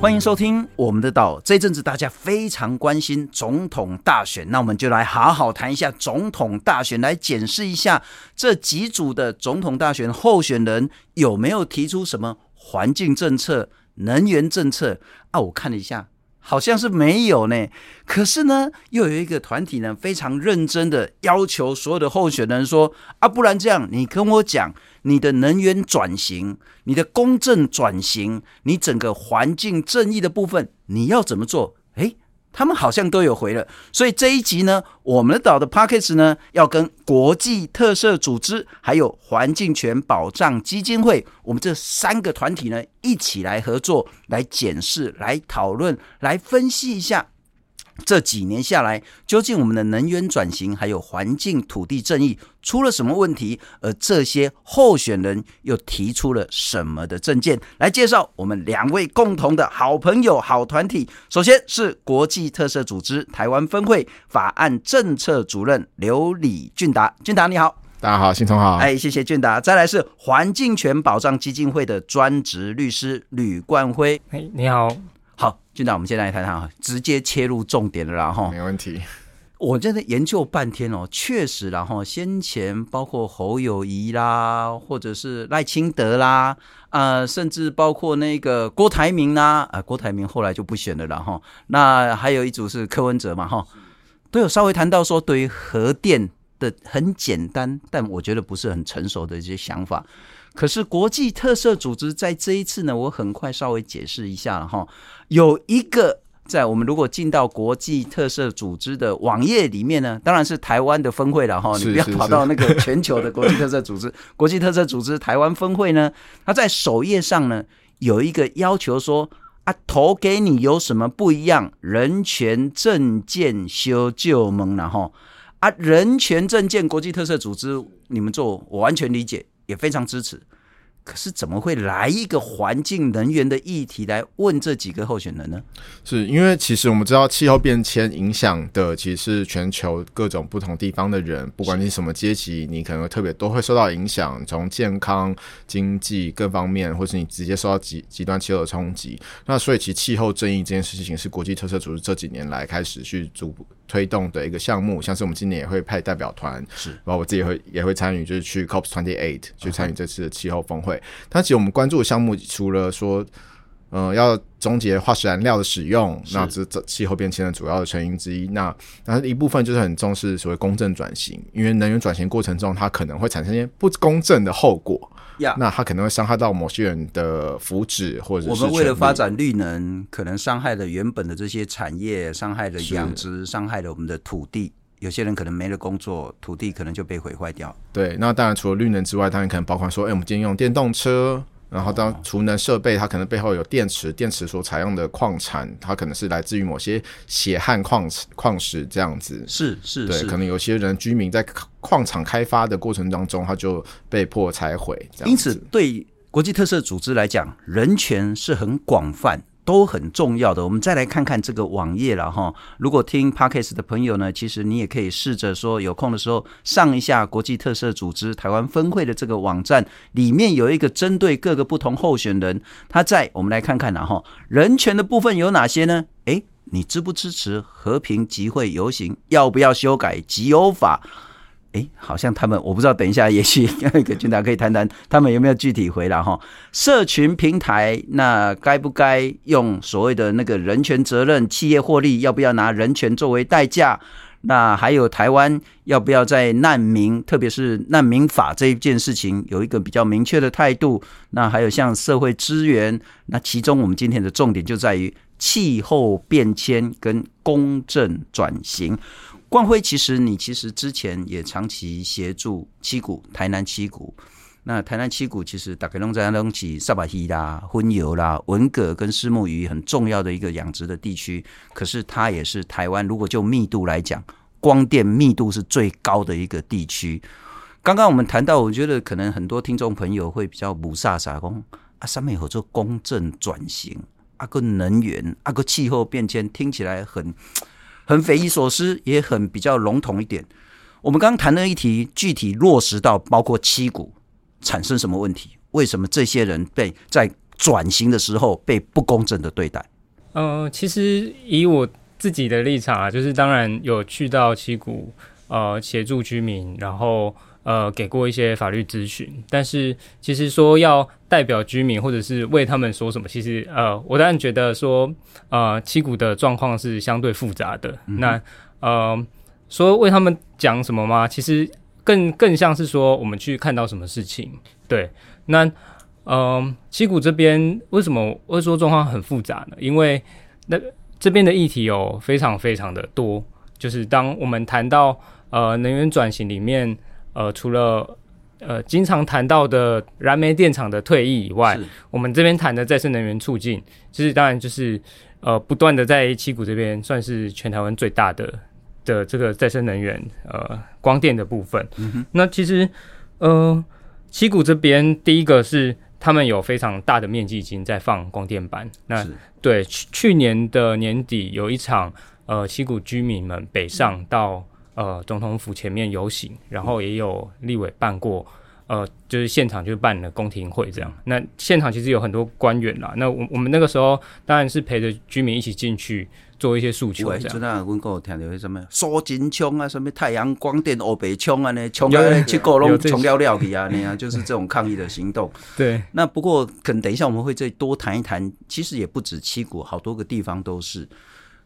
歡迎收聽我們的島。這陣子大家非常關心總統大選，那我們就來好好談一下總統大選，來檢視一下這幾組的總統大選候選人有沒有提出什麼環境政策、能源政策啊？我看了一下。好像是沒有呢，可是呢，又有一個團體呢，非常認真的要求所有的候選人說：啊，不然這樣，你跟我講，你的能源轉型、你的公正轉型、你整個環境正義的部分，你要怎麼做？他們好像都有回了，所以這一集呢，我們的島的 Podcast 呢，要跟國際特赦組織、還有環境權保障基金會，我們這三個團體呢，一起來合作，來檢視、來討論、來分析一下。這幾年下來，究竟我們的能源轉型還有環境、土地正義出了什麼問題？而這些候選人又提出了什麼的政見，來介紹我們兩位共同的好朋友、好團體？首先是國際特赦組織台灣分會法案政策主任劉李俊達，俊達你好。大家好，信聰好。哎，謝謝俊達。再來是環境權保障基金會的專職律師呂冠輝，哎，你好。好，俊達我們，現在來談談哈，直接切入重點了啦哈。沒問題，我真的研究半天哦，確實啦，然後先前包括侯友宜啦，或者是賴清德啦，啊、呃，甚至包括那個郭台銘啦，啊、呃，郭台銘後來就不選了了哈。那還有一組是柯文哲嘛哈，都有稍微談到說，對於核電的很簡單，但我覺得不是很成熟的一些想法。可是國際特赦組織在這一次呢，我很快稍微解釋一下了哈。有一個在我們如果進到國際特赦組織的網頁裡面呢，當然是台灣的分會了哈。你不要跑到那個全球的國際特赦組織，是是是國際特赦組織台灣分會呢，他在首頁上呢有一個要求說啊，投給你有什麼不一樣？人權政見修舊盟，然後啊？人權政見國際特赦組織，你們做我，我完全理解。也非常支持，可是怎麼會來一個環境能源的議題來問這幾個候選人呢？是因為其實我們知道氣候變遷影響的，其實是全球各種不同地方的人，不管你什麼階級，是你可能特別都會受到影響，從健康、經濟各方面，或是你直接受到極極端氣候的衝擊。那所以，其實氣候正義這件事情是國際特赦組織這幾年來開始去逐步。推動的一個項目，像是我們今年也會派代表團，是，然後我自己也會也會參與，就是去 COPs twenty eight 去參與這次的氣候峰會。Okay. 但其實我們關注的項目，除了說，嗯、呃，要終結化石燃料的使用，是那這這氣候變遷的主要的成因之一。那那一部分就是很重視所謂公正轉型，因為能源轉型過程中，它可能會產生一些不公正的後果。呀，Yeah. 那他可能會傷害到某些人的福祉，或者是我們為了發展綠能，可能傷害了原本的這些產業，傷害了養殖，傷是害了我們的土地。有些人可能沒了工作，土地可能就被毀壞掉。對，那當然除了綠能之外，當然可能包括說，哎、欸，我們今天用電動車。然後，當儲能設備，它可能背後有電池，電池所採用的礦產，它可能是來自於某些血汗礦礦石這樣子。是是，是對，可能有些人居民在礦場開發的過程當中，他就被迫拆毀這樣子。因此，對國際特赦組織來講，人權是很廣泛。都很重要的。我們再來看看這個網頁了哈。如果聽 podcast 的朋友呢，其實你也可以試着說，有空的時候上一下國際特赦組織台灣分會的這個網站，裡面有一個針對各個不同候選人，他在我們來看看然後人權的部分有哪些呢？誒，你支不支持和平集會遊行？要不要修改集遊法？哎，好像他們我不知道，等一下也許跟大家可以談談他們有沒有具體回答吼，社群平台那該不該用所謂的那個人權責任、企業獲利，要不要拿人權作為代價？那還有台灣要不要在難民，特別是難民法這一件事情有一個比較明確的態度？那還有像社會資源，那其中我們今天的重點就在於氣候變遷跟公正轉型。冠輝，其實你其實之前也長期協助七股、台南七股。那台南七股其實打開龍江龍起沙巴溪啦、葷油啦、文蛤跟虱目魚很重要的一個養殖的地區。可是它也是台灣，如果就密度來講，光電密度是最高的一個地區。剛剛我們談到，我覺得可能很多聽眾朋友會比較霧煞煞講啊，上面有做公正轉型啊，個能源啊，個氣候變遷聽起來很。很匪夷所思，也很比較籠統一點。我們剛剛談了一題，具體落實到包括七股產生什麼問題？為什麼這些人被在轉型的時候被不公正的對待？呃，其實以我自己的立場啊，就是當然有去到七股，呃，協助居民，然後。呃，給過一些法律諮詢，但是其實說要代表居民或者是為他們說什麼，其實呃，我當然覺得說，呃，七股的狀況是相對複雜的。嗯、哼那呃，說為他們講什麼嗎？其實更更像是說我們去看到什麼事情。對，那嗯、呃，七股這邊為什麼會說狀況很複雜呢？因為那這邊的議題有非常非常的多，就是當我們談到呃能源轉型裡面。呃，除了呃經常談到的燃煤電廠的退役以外，是我們這邊談的再生能源促進，其、就、實、是、當然就是呃不斷的在七股這邊算是全台灣最大的的這個再生能源呃光電的部分。嗯、哼那其實呃七股這邊第一個是他們有非常大的面積已經在放光電板。那是對去去年的年底有一場呃七股居民們北上到。呃，總統府前面遊行，然後也有立委辦過，呃，就是現場就辦了公聽會這樣。那現場其實有很多官員啦，那我們我們那個時候當然是陪着居民一起進去做一些訴求這樣。昨天我聽著什麼說金槍啊，什麼太陽光電歐北槍啊，那槍啊去搞弄窮撩撩的啊那樣，就是這種抗議的行動。對，那不過可能等一下我們會再多談一談，其實也不止七股，好多個地方都是。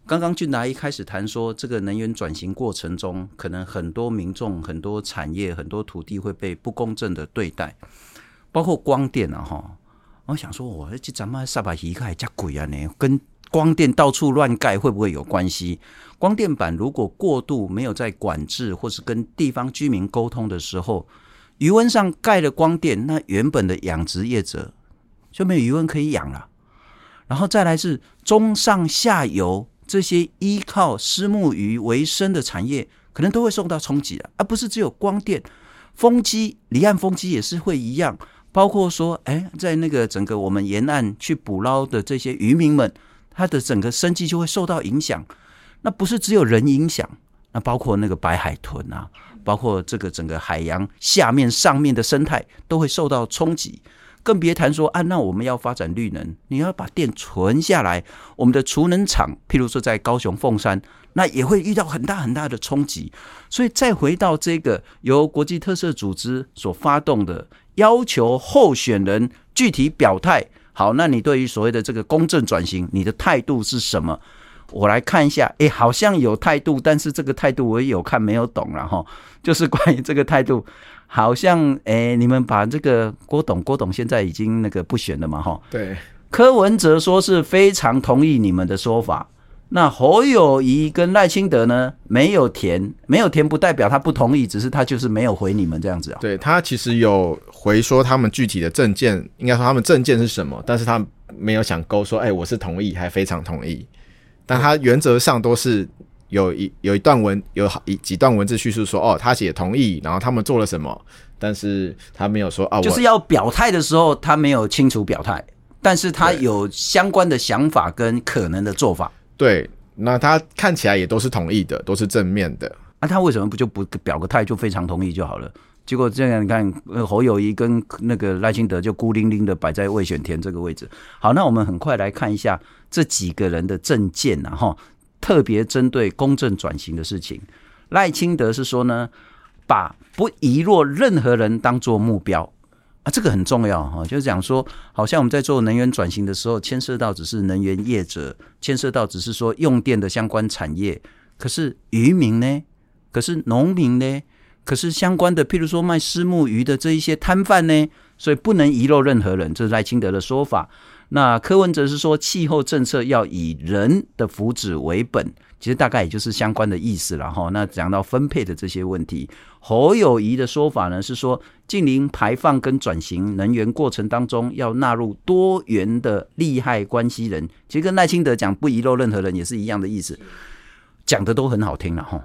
剛剛俊達一開始談說，這個能源轉型過程中，可能很多民眾、很多產業、很多土地會被不公正的對待，包括光電啊哈、哦。我想說，我這咱們沙巴西蓋加鬼啊呢，你跟光電到處亂蓋會不會有關係？光電板如果過度沒有在管制，或是跟地方居民溝通的時候，魚塭上蓋的光電，那原本的養殖業者就沒有魚塭可以養了。然後再來是中上下游，這些依靠虱目魚為生的產業，可能都會受到衝擊了、啊，而、啊、不是只有光電、風機、離岸風機也是會一樣。包括說，哎，在那個整個我們沿岸去捕撈的這些漁民們，他的整個生計就會受到影響。那不是只有人影響，那包括那個白海豚啊，包括這個整個海洋下面、上面的生態都會受到衝擊。更別談說，啊，那我們要發展綠能，你要把電存下來，我們的儲能廠，譬如說在高雄鳳山，那也會遇到很大很大的衝擊。所以再回到這個由國際特赦組織所發動的，要求候選人具體表態。好，那你對於所謂的這個公正轉型，你的態度是什麼？我來看一下，誒、欸，好像有態度，但是這個態度我也有看沒有懂啦，然後就是關於這個態度。好像誒、欸，你們把這個郭董，郭董現在已經那個不選了嘛，哈。對。柯文哲說是非常同意你們的說法。那侯友宜跟賴清德呢，沒有填，沒有填不代表他不同意，只是他就是沒有回你們這樣子啊、哦。對，他其實有回說他們具體的政見，應該說他們政見是什麼，但是他沒有想勾說，哎、欸，我是同意，還非常同意，但他原則上都是。有一有一段文有好一幾段文字敘述說哦，他寫同意，然後他們做了什麼，但是他沒有說哦，啊、就是要表態的時候他沒有清楚表態，但是他有相關的想法跟可能的做法。對，對，那他看起來也都是同意的，都是正面的。那、啊、他為什麼不就不表個態就非常同意就好了？結果這樣你看，侯友宜跟那個賴清德就孤零零的擺在未選填這個位置。好，那我們很快來看一下這幾個人的政見、啊，然後。特別針對公正轉型的事情，賴清德是說呢，把不遺落任何人當做目標啊，這個很重要哈、哦，就是講說，好像我們在做能源轉型的時候，牽涉到只是能源業者，牽涉到只是說用電的相關產業，可是漁民呢，可是農民呢，可是相關的，譬如說賣虱目魚的這一些攤販呢，所以不能遺落任何人，這是賴清德的說法。那柯文哲是說氣候政策要以人的福祉為本，其實大概也就是相關的意思了哈。那講到分配的這些問題，侯友宜的說法呢是說，淨零排放跟轉型能源過程當中要納入多元的利害關係人，其實跟賴清德講不遺漏任何人也是一樣的意思。講的都很好聽了哈，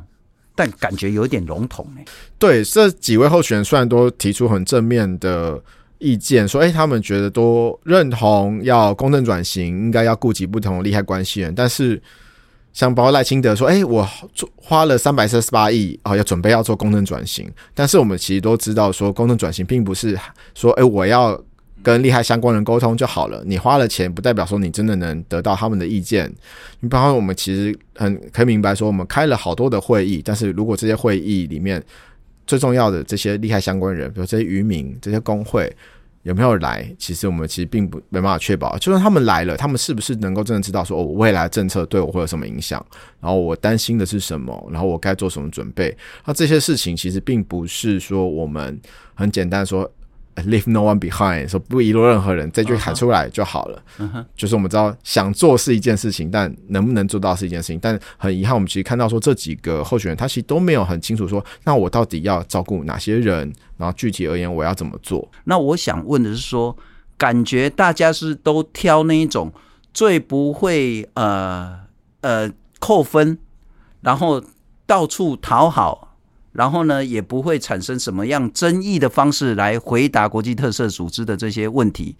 但感覺有點籠統哎、欸。對，這幾位候選人雖然都提出很正面的。意見說，誒、欸，他們覺得都認同要公正轉型，應該要顧及不同利害關係人。但是，像包括賴清德說，誒、欸，我花了三百四十八億啊，要、哦、準備要做公正轉型。但是，我們其實都知道，說公正轉型並不是說，誒、欸，我要跟利害相關人溝通就好了。你花了錢，不代表說你真的能得到他們的意見。你包括我們其實很可以明白，說我們開了好多的會議，但是如果這些會議裡面，最重要的這些利害相關人，比如這些漁民、這些工會，有沒有來？其實我們其實並不沒辦法確保。就算他們來了，他們是不是能夠真的知道說，哦，我未來的政策對我會有什麼影響？然後我擔心的是什麼？然後我該做什麼準備？那這些事情其實並不是說我們很簡單說。Leave no one behind，說、so、不遺漏任何人，這句喊出來就好了。Uh huh. 就是我們知道想做是一件事情，但能不能做到是一件事情。但很遺憾，我們其實看到說，這幾個候選人，他其實都沒有很清楚說，那我到底要照顧哪些人，然後具體而言我要怎麼做。那我想問的是說，感覺大家是都挑那一種最不會呃呃扣分，然後到處討好，然後呢，也不會產生什麼樣爭議的方式來回答國際特赦組織的這些問題。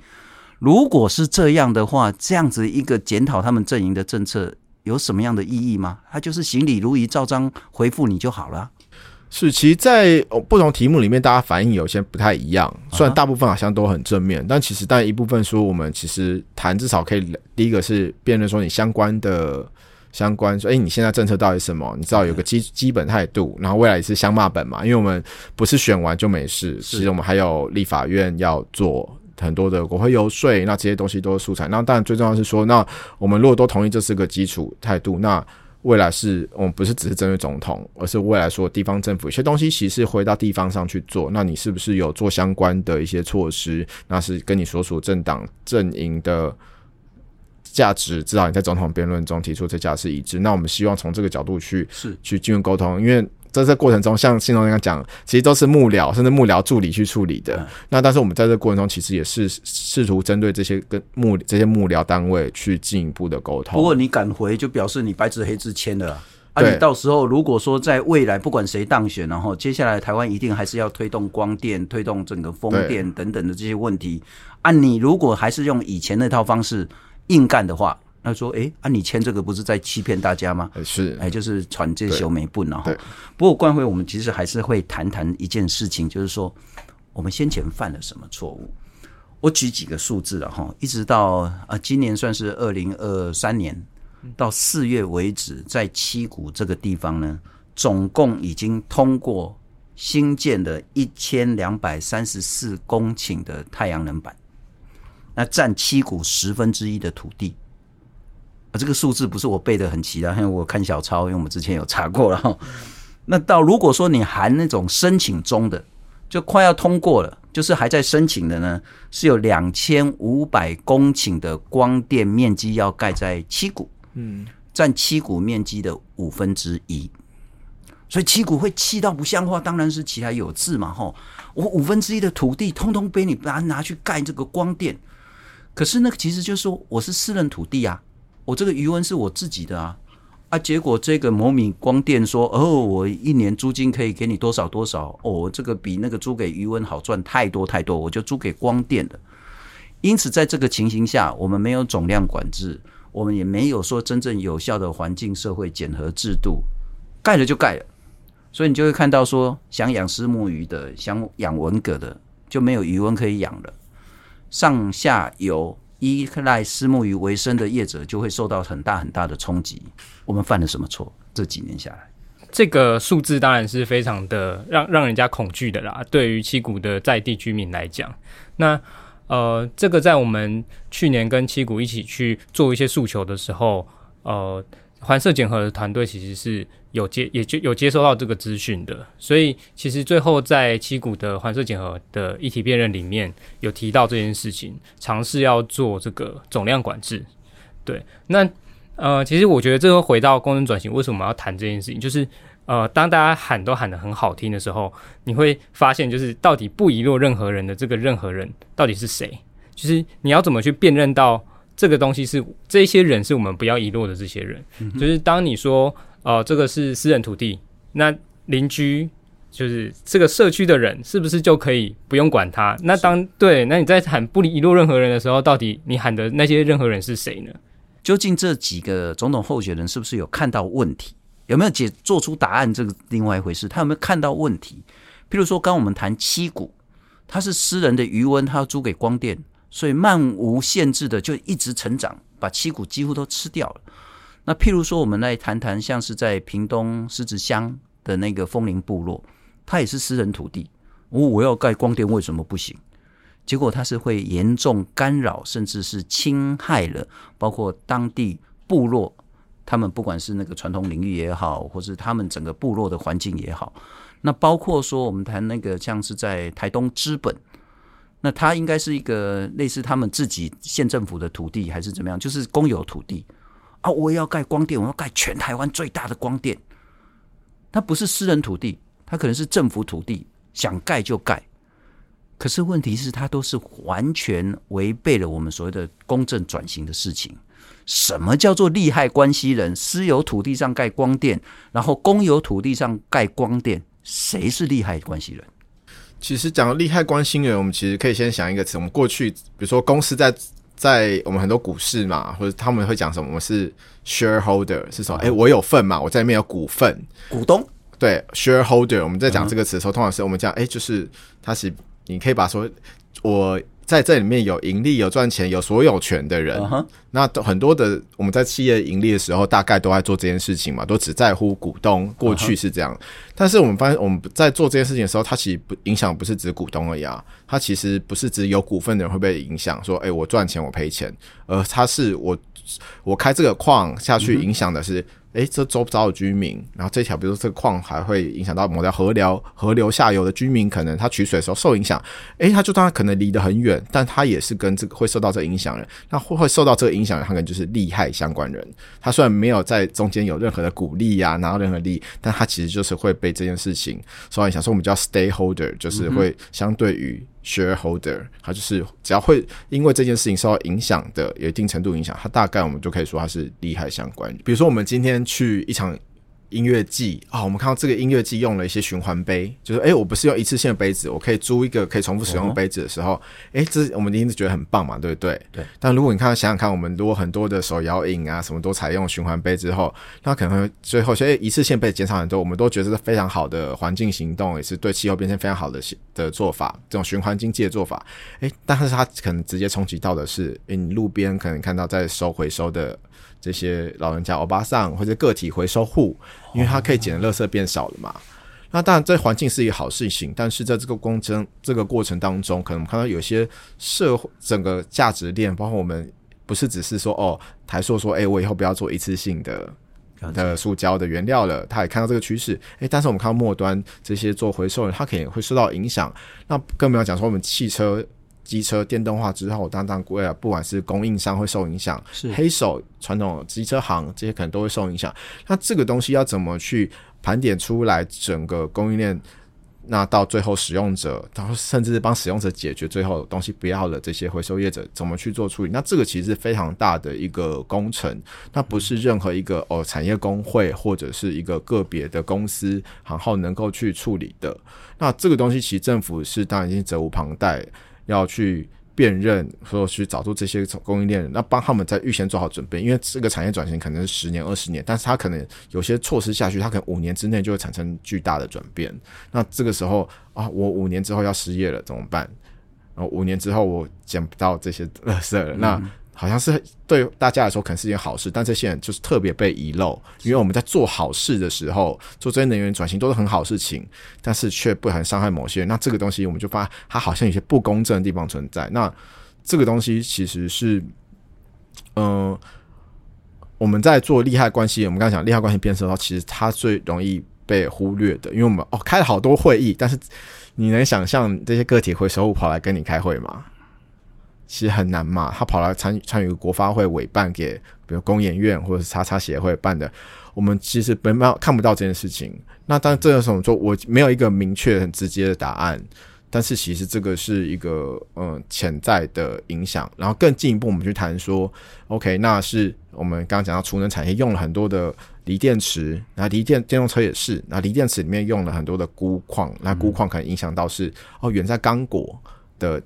如果是這樣的話，這樣子一個檢討他們陣營的政策有什麼樣的意義嗎？他就是行禮如儀，照章回覆你就好了。是，其實在不同題目裡面，大家反應有些不太一樣。雖然大部分好像都很正面，啊、但其實但一部分說，我們其實談至少可以第一個是辯論說你相關的。相關所以，欸、你現在政策到底什麼？你知道有個基基本態度，然後未來是相罵本嘛。因為我們不是選完就沒事，其實我們還有立法院要做很多的國會遊說，那這些東西都是素材。那當然最重要的是說，那我們如果都同意這是個基礎態度，那未來是我們不是只是針對總統，而是未來說地方政府，有些東西其實是回到地方上去做，那你是不是有做相關的一些措施？那是跟你所屬政黨陣營的。價值，至少你在總統辯論中提出這價值一致，那我們希望從這個角度去是去進行溝通，因為在這過程中，像信聰剛剛講，其實都是幕僚甚至幕僚助理去處理的。嗯、那但是我們在這過程中，其實也是試圖針對這些跟幕這些幕僚單位去進一步的溝通。不過你敢回，就表示你白紙黑字簽了對啊！你到時候如果說在未來不管誰當選、啊，然後接下來台灣一定還是要推動光電、推動整個風電等等的這些問題按對、啊、你如果還是用以前那套方式，硬幹的話，那說哎、欸、啊，你簽這個不是在欺騙大家嗎？欸、是哎，欸、就是傳這小媒不然哈。不過，冠輝，我們其實還是會談談一件事情，就是說我們先前犯了什麼錯誤。我舉幾個數字了哈，一直到啊今年算是二零二三年到四月為止，在七股這個地方呢，總共已經通過新建的一千兩百三十四公頃的太陽能板。那佔七股十分之一的土地啊，這個數字不是我背得很齊的，啊，因為我看小抄，因為我們之前有查過了哈。那到如果說你含那種申請中的，就快要通過了，就是還在申請的呢，是有兩千五百公頃的光電面積要蓋在七股，嗯，佔七股面積的五分之一。所以七股會氣到不像話，當然是其來有自嘛，哈，我五分之一的土地通通被你拿拿去蓋這個光電。可是那個其實就是說，我是私人土地啊，我這個魚塭是我自己的啊，啊，結果這個某某光電說，哦，我一年租金可以給你多少多少，哦，這個比那個租給魚塭好賺太多太多，我就租給光電了。因此，在這個情形下，我們沒有總量管制，我們也沒有說真正有效的環境社會檢核制度，蓋了就蓋了，所以你就會看到說，想養虱目魚的，想養文蛤的，就沒有魚塭可以養了。上下游依賴虱目魚為生的業者就會受到很大很大的衝擊。我們犯了什麼錯？這幾年下來，這個數字當然是非常的讓讓人家恐懼的啦。對於七股的在地居民來講，那呃，這個在我們去年跟七股一起去做一些訴求的時候，呃。環社檢核的團隊其實是有接也就有接收到這個資訊的，所以其實最後在七股的環社檢核的議題辨認裡面有提到這件事情，嘗試要做這個總量管制。對，那呃，其實我覺得這個回到公正轉型，為什麼要談這件事情？就是呃，當大家喊都喊得很好聽的時候，你會發現，就是到底不遺漏任何人的這個任何人到底是誰？就是你要怎麼去辨認到？這個東西是這些人是我們不要遺落的，這些人就是當你說，哦、呃，這個是私人土地，那鄰居就是這個社區的人，是不是就可以不用管他？那當對，那你在喊不遺落任何人的時候，到底你喊的那些任何人是誰呢？究竟這幾個總統候選人是不是有看到問題？有沒有解做出答案？這個另外一回事。他有沒有看到問題？譬如說，剛我們談七股，他是私人的魚塭，他要租給光電。所以漫無限制的就一直成長，把七股幾乎都吃掉了。那譬如說，我們來談談，像是在屏東獅子鄉的那個楓林部落，它也是私人土地。我我要蓋光電為什麼不行？結果它是會嚴重干擾，甚至是侵害了包括當地部落，他們不管是那個傳統領域也好，或是他們整個部落的環境也好。那包括說，我們談那個像是在台東知本。那他應該是一個類似他們自己縣政府的土地，還是怎麼樣？就是公有土地啊，我也要蓋光電，我要蓋全台灣最大的光電。他不是私人土地，他可能是政府土地，想蓋就蓋。可是問題是，他都是完全違背了我們所謂的公正轉型的事情。什麼叫做利害關係人？私有土地上蓋光電，然後公有土地上蓋光電，誰是利害關係人？其實講利害關係人，我們其實可以先想一個詞。我們過去，比如說公司在在我們很多股市嘛，或者他們會講什麼？我是 shareholder 是什麼？哎，我有份嘛，我在裡面有股份，股東？對 shareholder。Share holder, 我們在講這個詞的時候，嗯、哼通常是我們講，誒就是他是你可以把說我。在這裡面有盈利、有賺錢、有所有權的人，uh huh. 那很多的我們在企業盈利的時候，大概都在做這件事情嘛，都只在乎股東。過去是這樣。Uh huh. 但是我們發現，我們在做這件事情的時候，它其實不影響，不是指股東而已啊。它其實不是指有股份的人會被影響，說，欸，我賺錢我賠錢，而它是我我開這個礦下去影響的是。Uh huh. 誒，這周遭的居民，然後這條，比如說這個礦還會影響到某條河流、河流下游的居民，可能他取水的時候受影響。誒，他就當然可能離得很遠，但他也是跟這個會受到這個影響人。那會受到這個影響的，他可能就是利害相關人。他雖然沒有在中間有任何的鼓勵呀、啊，拿到任何利，但他其實就是會被這件事情受到影響。所以我們叫 stakeholder，就是會相對於 shareholder、嗯、哼他就是只要會因為這件事情受到影響的，有一定程度影響，他大概我們就可以說他是利害相關人。比如說我們今天。去一場音樂季啊，我們看到這個音樂季用了一些循環杯，就是誒、欸，我不是用一次性的杯子，我可以租一個可以重複使用的杯子的時候，誒、哦哦欸，這我們一定是覺得很棒嘛，對不對？對。但如果你看想想看，我們如果很多的手搖飲啊什麼都採用循環杯之後，那可能會最後所以、欸、一次性杯減少很多，我們都覺得這是非常好的環境行動，也是對氣候變遷非常好的行的做法，這種循環經濟的做法。誒、欸，但是它可能直接衝擊到的是，欸、你路邊可能看到在收回收的，這些老人家、歐巴桑或者個體回收戶，因為他可以撿的垃圾變少了嘛。那當然，這環境是一個好事情，但是在這個工程這個過程當中，可能我們看到有些社會整個價值鏈，包括我們不是只是說哦，台塑說，哎，我以後不要做一次性的的塑膠的原料了，他也看到這個趨勢，哎，但是我們看到末端這些做回收的，他可能會受到影響。那更不要講說我們汽車。機車電動化之後，當然，未來不管是供應商會受影響，是黑手傳統機車行這些可能都會受影響。那這個東西要怎麼去盤點出來整個供應鏈？那到最後使用者，然後甚至幫使用者解決最後東西不要了，這些回收業者怎麼去做處理？那這個其實是非常大的一個工程，那不是任何一個哦產業工會或者是一個個別的公司行號能夠去處理的。那這個東西其實政府是當然已經責無旁貸。要去辨認和去找出這些供應鏈人，那幫他們在預先做好準備，因為這個產業轉型可能是十年、二十年，但是他可能有些措施下去，他可能五年之內就會產生巨大的轉變。那這個時候啊，我五年之後要失業了怎麼辦？然後五年之後我撿不到這些垃圾了，嗯、那。好像是對大家來說可能是件好事，但這些人就是特別被遺漏。因為我們在做好事的時候，做這些能源轉型都是很好事情，但是卻不能傷害某些人。那這個東西我們就發，它好像有些不公正的地方存在。那這個東西其實是，嗯、呃，我們在做利害關係。我們剛才講利害關係變的時候，其實它最容易被忽略的，因為我們哦開了好多會議，但是你能想象這些個體會周五跑來跟你開會嗎？其實很難嘛，他跑來參參與國發會委辦給，比如工研院或者是叉叉協會辦的，我們其實沒辦法，看不到這件事情。那當這個時候說，我沒有一個明確很直接的答案。但是其實這個是一個嗯潛在的影響。然後更進一步，我們去談說，OK，那是我們剛剛講到儲能產業用了很多的鋰電池，那鋰電電動車也是，那鋰電池裡面用了很多的鈷礦，那鈷礦可能影響到是、嗯、哦，遠在剛果的。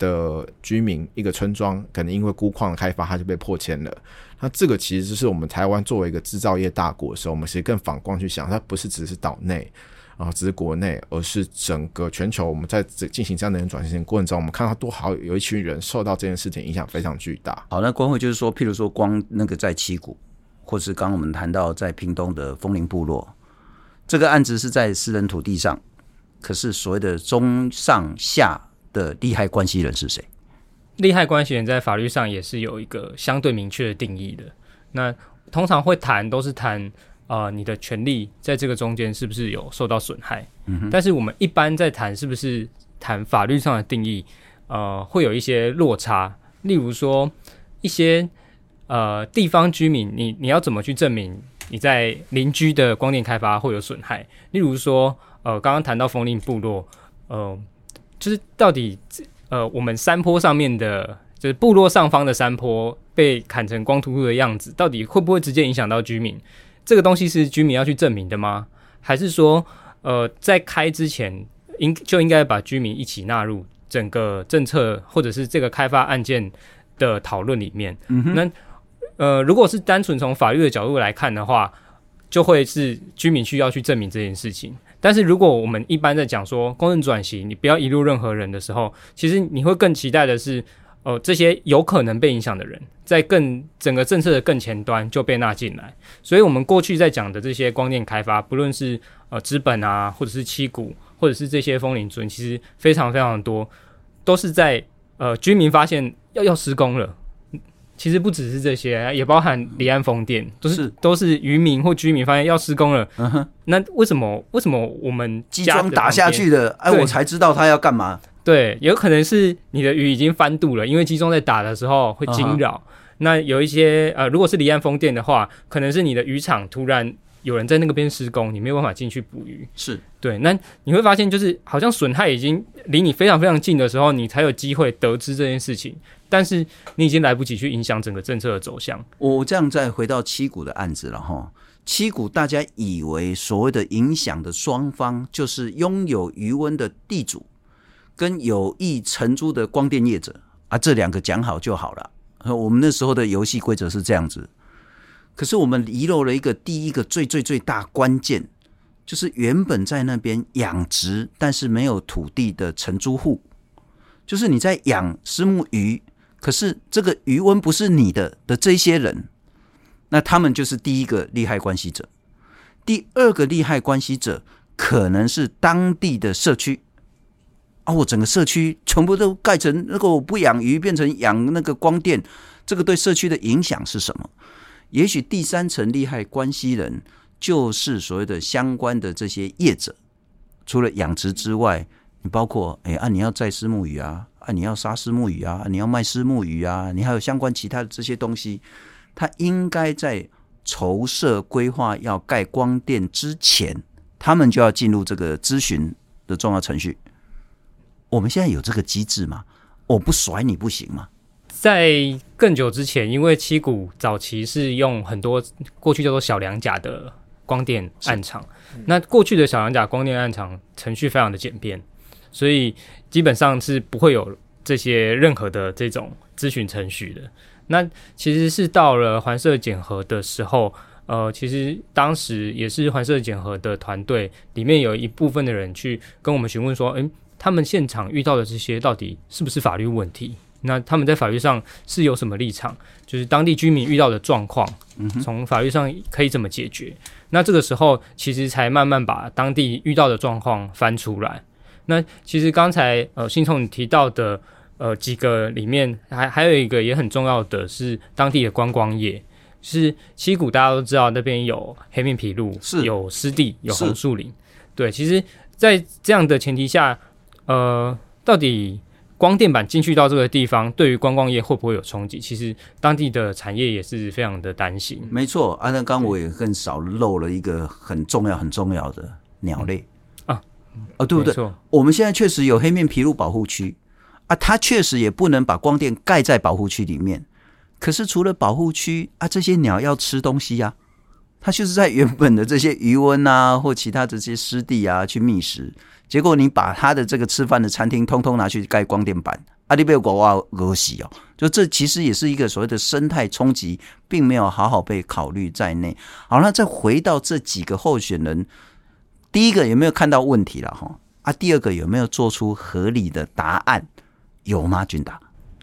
的居民一個村莊，可能因為鈷礦的開發，它就被迫遷了。那這個其實就是我們台灣作為一個制造業大國的時候，我們其實更反光去想，它不是只是島內啊，只是國內，而是整個全球。我們在進行這樣的人轉型過程中，我們看到多好有一群人受到這件事情影響非常巨大。好，那光會就是說，譬如說光那個在七股，或是剛剛我們談到在屏東的楓林部落，這個案子是在私人土地上，可是所謂的中上下。的利害關係人是誰？利害關係人在法律上也是有一個相對明確的定義的。那通常會談都是談啊、呃，你的權利在這個中間是不是有受到損害？嗯哼。但是我們一般在談是不是談法律上的定義，呃，會有一些落差。例如說一些呃地方居民，你你要怎麼去證明你在鄰居的光電開發會有損害？例如說呃，剛剛談到楓林部落，呃。就是到底，呃，我們山坡上面的，就是部落上方的山坡被砍成光禿禿的樣子，到底會不會直接影響到居民？這個東西是居民要去證明的嗎？還是說，呃，在開之前，應就應該把居民一起納入整個政策或者是這個開發案件的討論裡面？嗯哼。那呃，如果是單純從法律的角度來看的話，就會是居民需要去證明這件事情。但是如果我們一般在講說公正轉型，你不要遺漏任何人的時候，其實你會更期待的是，哦、呃，這些有可能被影響的人，在更整個政策的更前端就被納進來。所以，我們過去在講的這些光電開發，不論是呃知本啊，或者是七股，或者是這些楓林村，其實非常非常多，都是在呃居民發現要要施工了。其實不只是這些，也包含離岸風電，都是，是都是漁民或居民發現要施工了。嗯哼那為什麼為什麼我們機樁打下去的？哎、呃，對我才知道他要幹嘛？對，有可能是你的魚已經翻肚了，因為機樁在打的時候會驚擾。啊、哈那有一些呃，如果是離岸風電的話，可能是你的漁場突然。有人在那邊施工，你沒有辦法進去捕魚。是對，那你會發現，就是好像損害已經離你非常非常近的時候，你才有機會得知這件事情，但是你已經來不及去影響整個政策的走向。我這樣再回到七股的案子了哈，七股大家以為所謂的影響的雙方，就是擁有魚塭的地主跟有意承租的光電業者，啊，這兩個講好就好了。我們那時候的遊戲規則是這樣子。可是我們遺漏了一個第一個最最最大關鍵，就是原本在那邊養殖，但是沒有土地的承租戶，就是你在養虱目魚，可是這個魚塭不是你的的這些人，那他們就是第一個利害關係者，第二個利害關係者可能是當地的社區，啊、哦，我整個社區全部都蓋成，如果我不養魚，變成養那個光電，這個對社區的影響是什麼？也許第三層利害關係人就是所謂的相關的這些業者，除了養殖之外，你包括哎、欸，啊，你要在虱目魚啊，啊，你要殺虱目魚啊，你要賣虱目魚啊，你還有相關其他的這些東西，他應該在籌設規劃要蓋光電之前，他們就要進入這個諮詢的重要程序。我們現在有這個機制嗎？我不甩你不行嗎？在更久之前，因為七股早期是用很多過去叫做小兩甲的光電案場，是那過去的小兩甲光電案場程序非常的簡便，所以基本上是不會有這些任何的這種諮詢程序的。那其實是到了環社檢核的時候，呃，其實當時也是環社檢核的團隊裡面有一部分的人去跟我們詢問說：“誒，他們現場遇到的這些到底是不是法律問題？”那他們在法律上是有什麼立場？就是當地居民遇到的狀況，從、嗯、哼法律上可以怎麼解決？那這個時候其實才慢慢把當地遇到的狀況翻出來。那其實剛才呃，信聰你提到的呃幾個裡面，還還有一個也很重要的是當地的觀光業，就是七股，大家都知道那邊有黑面琵鷺，是，有濕地，有紅樹林，是對。其實，在這樣的前提下，呃，到底？光電板進去到這個地方，對於觀光業會不會有衝擊？其實當地的產業也是非常的擔心。沒錯，啊，那剛剛我也很少漏了一個很重要、很重要的鳥類啊、嗯、啊，對不、啊、錯對？我們現在確實有黑面琵鷺保護區啊，它確實也不能把光電蓋在保護區裡面。可是除了保護區啊，這些鳥要吃東西呀、啊，它就是在原本的這些魚塭啊或其他這些濕地啊去覓食。結果你把他的這個吃飯的餐廳通通拿去蓋光電板，阿利貝果哇，惡死哦！就這其實也是一個所謂的生態衝擊，並沒有好好被考慮在內。好，那再回到這幾個候選人，第一個有沒有看到問題了哈？啊，第二個有沒有做出合理的答案？有嗎？俊達，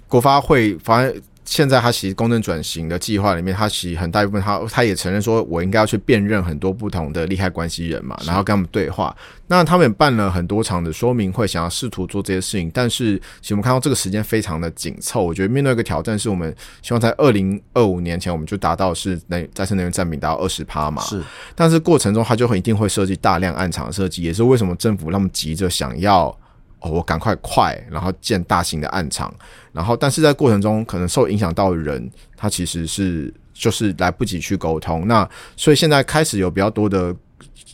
國發會發。現在他其實公正轉型的計劃裡面，他其實很大一部分他，他他也承認說，我應該要去辨認很多不同的利害關係人嘛，然後跟他們對話。的那他們也辦了很多場的說明會，想要試圖做這些事情。但是，其實我們看到這個時間非常的緊湊。我覺得面對一個挑戰是，我們希望在二零二五年前我們就達到是能再生能源占比達到二十趴嘛。是，但是過程中他就一定會設計大量案場設計，也是為什麼政府那麼急着想要。哦、我趕快快，然後建大型的案場，然後但是在過程中可能受影響到的人，他其實是就是來不及去溝通。那所以現在開始有比較多的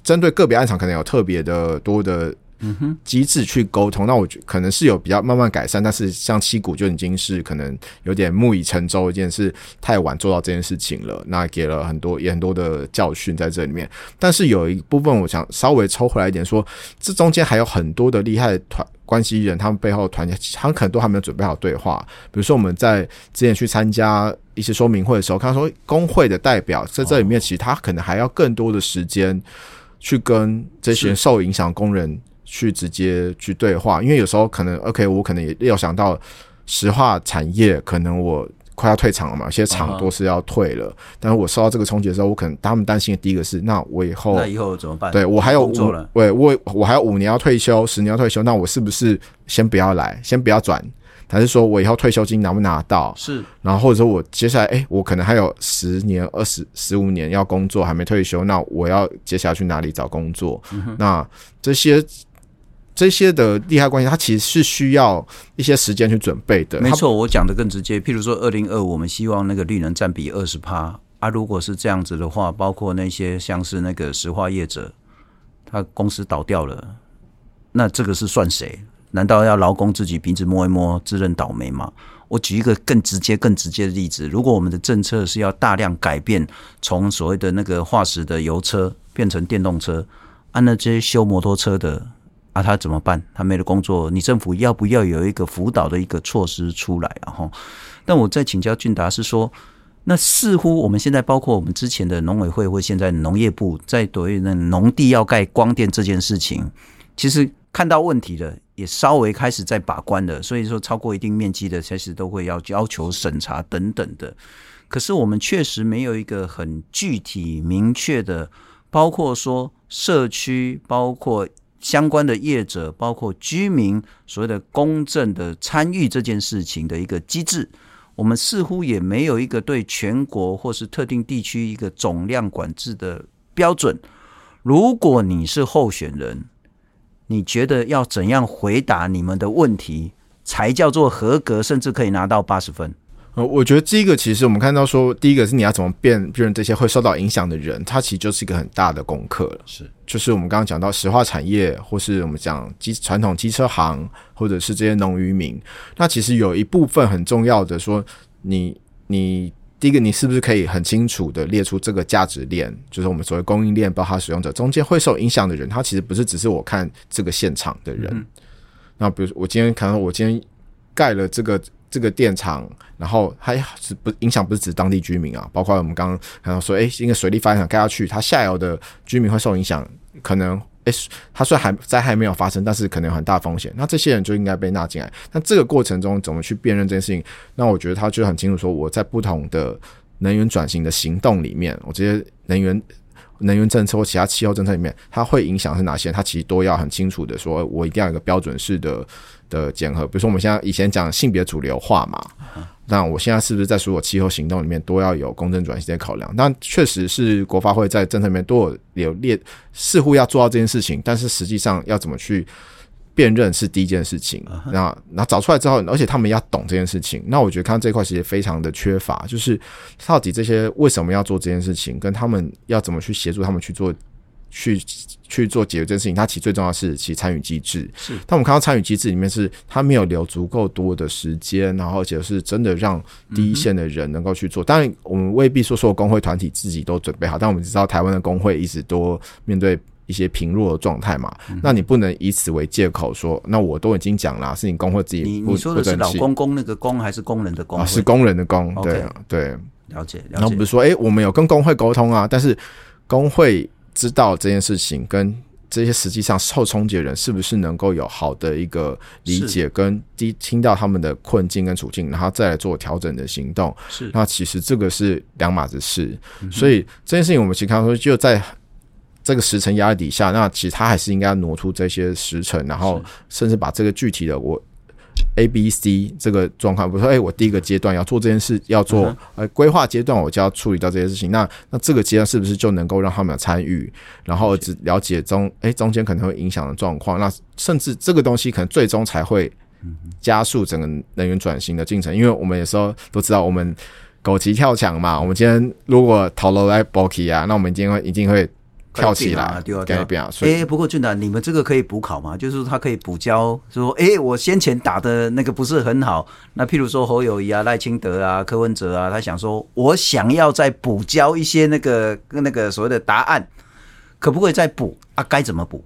針對個別案場，可能有特別的多的機制去溝通。嗯、哼那我覺可能是有比較慢慢改善，但是像七股就已經是可能有點木已成舟，一件事太晚做到這件事情了，那給了很多也很多的教訓在這裡面。但是有一部分我想稍微抽回來一點說，說這中間還有很多的利害的團。關係人，他們背後團體，他們可能都還沒有準備好對話。比如說，我們在之前去參加一些說明會的時候，看到說工會的代表在這裡面，其實他可能還要更多的時間去跟這些受影響工人去直接去對話。是因為有時候可能，OK，我可能也要想到石化產業，可能我。快要退場了嘛？一些廠都是要退了，uh huh. 但是我受到這個衝擊的時候，我可能他們擔心的第一個是，那我以後，以後怎麼辦？對我還有五對我我，我還有五年要退休，十、uh huh. 年要退休，那我是不是先不要來，先不要轉？還是說我以後退休金拿不拿到？是，然後或者說我接下來，誒、欸，我可能還有十年、二十、十五年要工作，還沒退休，那我要接下來去哪裡找工作？Uh huh. 那這些。這些的利害關係，它其實是需要一些時間去準備的。沒錯，我講的更直接。譬如說，二零二五，我們希望那個綠能占比二十趴啊。如果是這樣子的話，包括那些像是那個石化業者，他公司倒掉了，那這個是算誰？難道要勞工自己鼻子摸一摸，自認倒霉嗎？我舉一個更直接、更直接的例子：如果我們的政策是要大量改變，從所謂的那個化石的油車變成電動車，按、啊、那些修摩托車的。啊，他怎麼辦？他沒了工作，你政府要不要有一個輔導的一個措施出來啊？但我再請教俊達是說，那似乎我們現在包括我們之前的農委會或現在農業部，在對於那農地要蓋光電這件事情，其實看到問題了，也稍微開始在把關了，所以說超過一定面積的其實都會要要求審查等等的。可是我們確實沒有一個很具體明確的，包括說社區，包括。相關的業者，包括居民，所謂的公正的參與這件事情的一個機制，我們似乎也沒有一個對全國或是特定地區一個總量管制的標準。如果你是候選人，你覺得要怎樣回答你們的問題，才叫做合格，甚至可以拿到八十分？呃，我覺得這個其實我們看到說，第一個是你要怎麼辨認這些會受到影響的人，它其實就是一個很大的功課了。是，就是我們剛剛講到石化產業，或是我們講機傳統機車行，或者是這些農漁民，那其實有一部分很重要的說，你你第一個你是不是可以很清楚的列出這個價值鏈，就是我們所謂供應鏈，包括它使用者中間會受影響的人，他其實不是只是我看這個現場的人。嗯。那比如說我今天看到我今天蓋了這個。這個電廠，然後還是不影響，不是指當地居民啊，包括我們剛剛然後說，誒，因為水利發電廠蓋下去，它下游的居民會受影響，可能誒，它雖然還災害沒有發生，但是可能有很大風險，那這些人就應該被納進來。那這個過程中怎麼去辨認這件事情？那我覺得他就很清楚說，我在不同的能源轉型的行動裡面，我這些能源、能源政策或其他氣候政策裡面，它會影響是哪些？它其實都要很清楚的說，我一定要有一個標準式的，的檢核，比如說我們現在以前講性別主流化嘛，uh huh. 那我現在是不是在所有氣候行動裡面都要有公正轉型的考量？但確實是國發會在政策裡面都有列，似乎要做到這件事情，但是實際上要怎麼去辨認是第一件事情。Uh huh. 那那找出來之後，而且他們要懂這件事情，那我覺得看這塊其實非常的缺乏，就是到底這些為什麼要做這件事情，跟他們要怎麼去協助他們去做。去去做解決這件事情，它其實最重要的是其參與機制。是，但我們看到參與機制裡面是它沒有留足夠多的時間，然後其實是真的讓第一線的人能夠去做。當然、嗯、哼我們未必說所有工會團體自己都準備好，但我們知道台灣的工會一直都面對一些貧弱的狀態嘛。嗯、哼那你不能以此為借口說，那我都已經講了、啊，是你工會自己，你你說的是“老公工”那個“工”還是工人的“工、啊”？是工人的“工”。對對，了解，了解。然後比如說，哎、欸，我們有跟工會溝通啊，但是工會。知道這件事情跟這些實際上受衝擊的人是不是能夠有好的一個理解是跟聽聽到他們的困境跟處境，然後再來做調整的行動。是，那其實這個是兩碼子事。嗯、哼所以這件事情，我們其實說就在這個時程壓力底下，那其實他還是應該要挪出這些時程，然後甚至把這個具體的我。A、B、C 這個狀況，比如說，哎、欸，我第一個階段要做這件事，要做呃規劃階段，我就要處理到這些事情。那那這個階段是不是就能夠讓他們參與，然後只了解中，哎、欸、中間可能會影響的狀況？那甚至這個東西可能最終才會加速整個能源轉型的進程。因為我們有時候都知道，我們狗急跳牆嘛。我們今天如果討論來 b o o k 啊，那我們今天會一定會。跳起來，第二遍。啊，啊所以、欸、不過俊達，你們這個可以補考嗎？就是說他可以補交，說、欸、哎，我先前打的那個不是很好，那譬如說侯友宜啊、賴清德啊、柯文哲啊，他想說我想要再補交一些那個那個所謂的答案，可不可以再補啊？該怎麼補？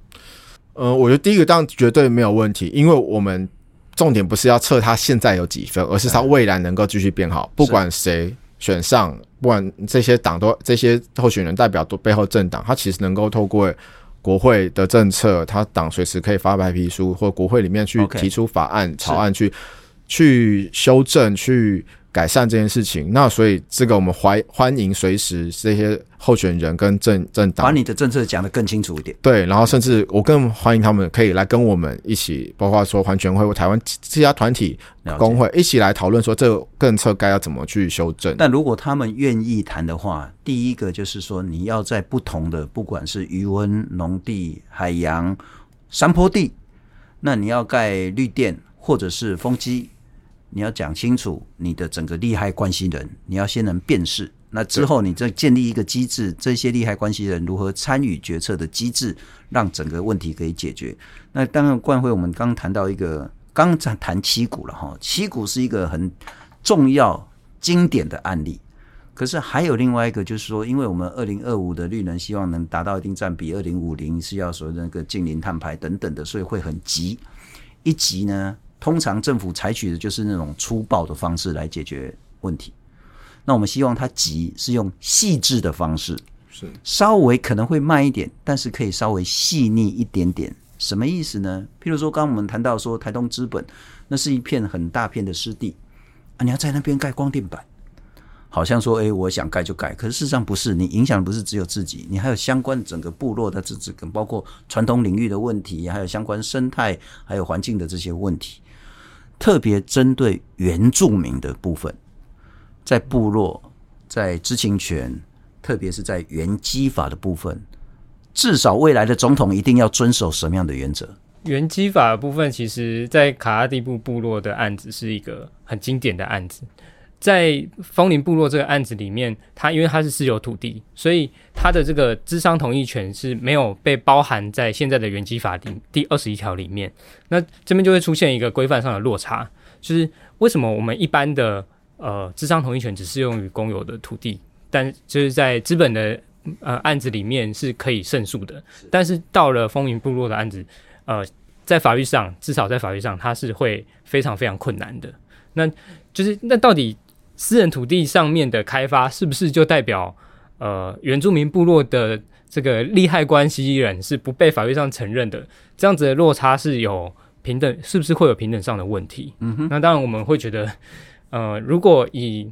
呃，我覺得第一個當然絕對沒有問題，因為我們重點不是要測他現在有幾分，而是他未來能夠繼續變好，啊、不管誰。選上，不然這些黨都這些候選人代表都背後政黨，他其實能夠透過國會的政策，他黨隨時可以發白皮書，或國會裡面去提出法案 Okay. 草案去，是去修正去。改善這件事情，那所以這個我們懷歡迎隨時這些候選人跟政政黨，把你的政策講得更清楚一點。對，然後甚至我更歡迎他們可以來跟我們一起，包括說環權會或台灣這家團體工會，了解。一起來討論說這個政策該要怎麼去修正。但如果他們願意談的話，第一個就是說你要在不同的，不管是漁塭、農地、海洋、山坡地，那你要蓋綠電或者是風機。你要講清楚你的整個利害關係人，你要先能辨識，那之後你再建立一個機制，對這些利害關係人如何參與決策的機制，讓整個問題可以解決。那當然，冠輝，我們剛談到一個，剛在談七股了哈，七股是一個很重要經典的案例。可是還有另外一個，就是說，因為我們二零二五的綠能希望能達到一定占比，二零五零是要說那個淨零碳排等等的，所以會很急。一急呢，通常政府採取的就是那種粗暴的方式來解決問題。那我們希望它急是用細緻的方式，是稍微可能會慢一點，但是可以稍微細膩一點點。什麼意思呢？譬如說，剛剛我們談到說台東知本那是一片很大片的濕地啊，你要在那邊蓋光電板，好像說哎，我想蓋就蓋，可是事實上不是，你影響的不是只有自己，你還有相關整個部落的自治，跟包括傳統領域的問題，還有相關生態還有環境的這些問題。特別針對原住民的部分，在部落在知情權，特別是在原基法的部分，至少未來的總統一定要遵守什麼樣的原則？原基法的部分，其實，在卡地布部落的案子是一個很經典的案子。在楓林部落這個案子裡面，他因為他是私有土地，所以他的這個諮商同意權是沒有被包含在現在的原基法裡第二十一條裡面。那這邊就會出現一個規範上的落差，就是為什麼我們一般的呃諮商同意權只適用於公有的土地，但就是在知本的呃案子裡面是可以勝訴的，但是到了楓林部落的案子，呃，在法律上，至少在法律上它是會非常非常困難的。那就是那到底？私人土地上面的開發，是不是就代表呃原住民部落的這個利害關係人是不被法律上承認的？這樣子的落差是有平等，是不是會有平等上的問題？嗯哼。那當然我們會覺得，呃，如果以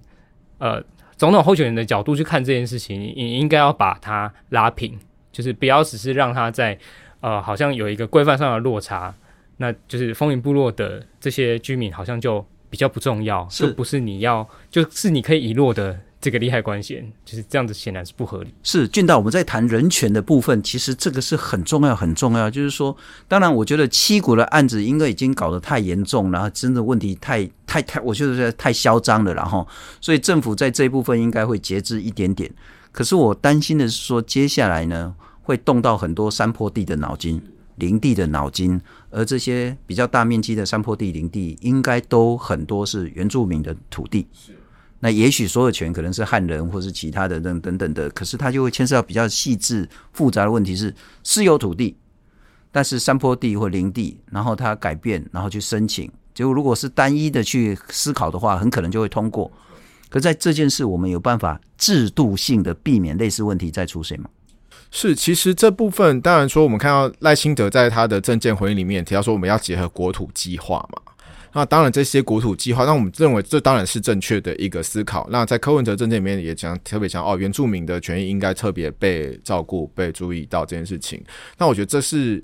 呃總統候選人的角度去看這件事情，你應該要把它拉平，就是不要只是讓它在呃好像有一個規範上的落差，那就是風雲部落的這些居民好像就。比較不重要，是不是你要，就是你可以遺落的這個利害關係，就是這樣子，顯然是不合理。是俊達，我們在談人權的部分，其實這個是很重要、很重要。就是說，當然，我覺得七股的案子應該已經搞得太嚴重，然後真的問題太太太，我覺得太囂張了，然後，所以政府在這一部分應該會節制一點點。可是我擔心的是說，接下來呢，會動到很多山坡地的腦筋。林地的腦筋，而這些比較大面積的山坡地、林地，應該都很多是原住民的土地。那也許所有權可能是漢人，或是其他的等等等的，可是它就會牽涉到比較細緻複雜的問題：是私有土地，但是山坡地或林地，然後它改變，然後去申請，結果如果是單一的去思考的話，很可能就會通過。可在這件事，我們有辦法制度性的避免類似問題再出現嗎？是，其實這部分當然說，我們看到賴清德在他的政見回應裡面提到說，我們要結合國土計劃嘛。那當然這些國土計劃，那我們認為這當然是正確的一個思考。那在柯文哲政見裡面也講，特別講哦，原住民的權益應該特別被照顧、被注意到這件事情。那我覺得這是，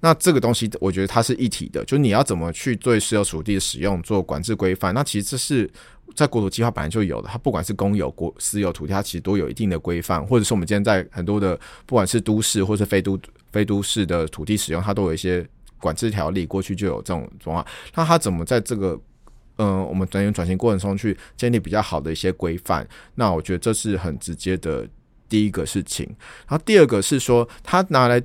那這個東西我覺得它是一體的，就你要怎麼去對私有土地使用做管制規範，那其實這是。在國土計劃本來就有的，它不管是公有、國私有土地，它其實都有一定的規範，或者說我們今天在很多的不管是都市或是非都非都市的土地使用，它都有一些管制條例，過去就有這種狀況。那它怎麼在這個嗯、呃、我們能源轉型過程中去建立比較好的一些規範？那我覺得這是很直接的第一個事情。然後第二個是說，它拿來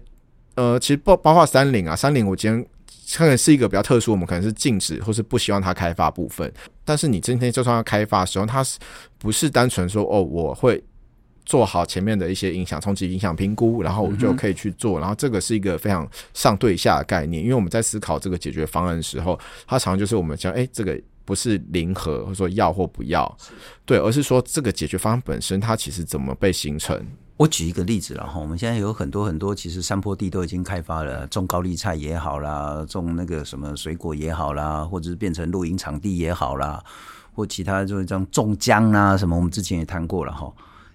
呃，其實包包括森林啊，森林我今天看的是一個比較特殊，我們可能是禁止或是不希望它開發部分。但是你今天就算要開發使用，它是不是單純說哦，我會做好前面的一些影響衝擊影響評估，然後我就可以去做？嗯、哼然後這個是一個非常上對下的概念，因為我們在思考這個解決方案的時候，它常常就是我們講哎、欸，這個不是零和，或者說要或不要，是對，而是說這個解決方案本身它其實怎麼被形成。我舉一個例子了哈，我們現在有很多很多，其實山坡地都已經開發了，種高麗菜也好啦，種那個什麼水果也好啦，或者是變成露營場地也好啦，或其他就是這種種薑啦、啊、什麼，我們之前也談過了哈。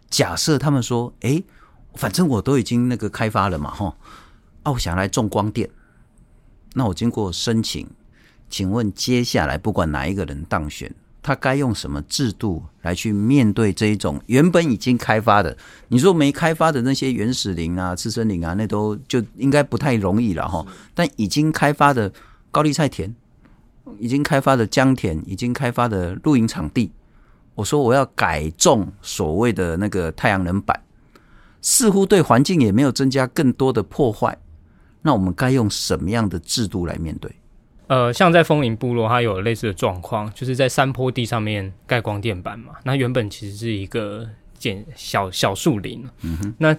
假設他們說，誒、欸，反正我都已經那個開發了嘛哈，哦，我想來種光電，那我經過申請，請問接下來不管哪一個人當選，他該用什麼制度來去面對這一種原本已經開發的？你說沒開發的那些原始林啊、次生林啊，那都就應該不太容易了哈。但已經開發的高麗菜田、已經開發的薑田、已經開發的露營場地，我說我要改種所謂的那個太陽能板，似乎對環境也沒有增加更多的破壞。那我們該用什麼樣的制度來面對？呃，像在楓林部落，它有類似的狀況，就是在山坡地上面蓋光電板嘛。那原本其實是一個小小小樹林。嗯哼。那